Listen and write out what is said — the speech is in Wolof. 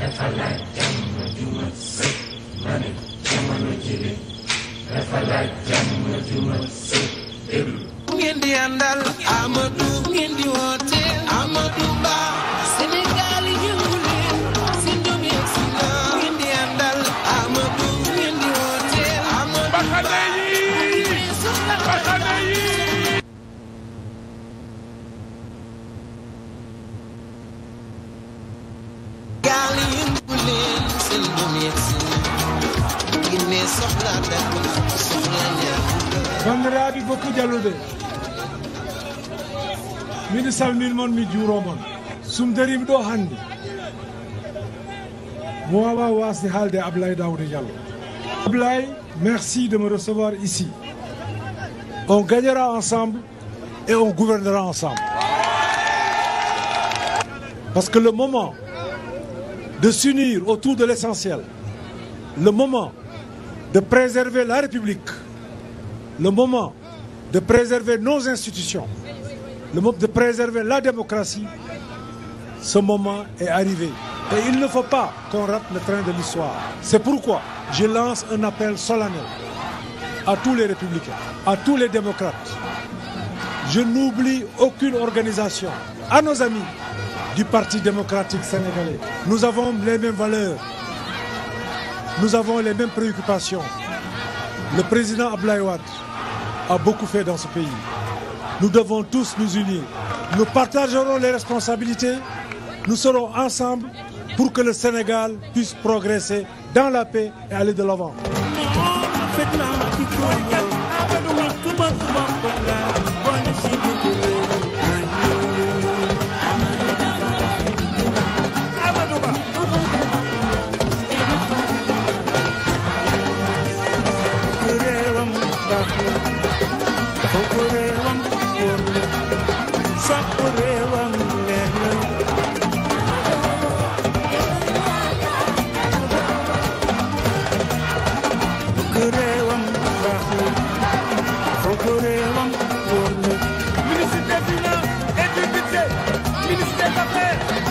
defalaat jàmm ju mat sëkk ma ne jamono ji li defalaat jàmm ju mat sëkk déglu bu ngeen di àndal Amadou bu ngeen di woote Amadou Ba Sénégal yëngu leen si ndom yeeg si na bu ngeen di àndal Amadou bu ngeen di woote Amadou Ba baxane yi baxane yi bandiraɓe gokku jalluɓe miɗo salminmon mi juuromon sumdarima ɗo hannde mo wawa wasde haalde ablaye dawde diallo ablaye merci de me recevoir ici on gagnera ensemble et on gouvernera ensemble parce que le moment de s'unir autour de l'essentiel le moment de préserver la république le moment de préserver nos institutions, le moment de préserver la démocratie, ce moment est arrivé. Et il ne faut pas qu'on rate le train de l'histoire. C'est pourquoi je lance un appel solennel à tous les républicains, à tous les démocrates. Je n'oublie aucune organisation. À nos amis du Parti démocratique sénégalais, nous avons les mêmes valeurs, nous avons les mêmes préoccupations. Le président Abdoulaye Wade a beaucoup fait dans ce pays. Nous devons tous nous unir. Nous partagerons les responsabilités. Nous serons ensemble pour que le Sénégal puisse progresser dans la paix et aller de l'avant. Oh, ministre des finances et du budget ministre des affaires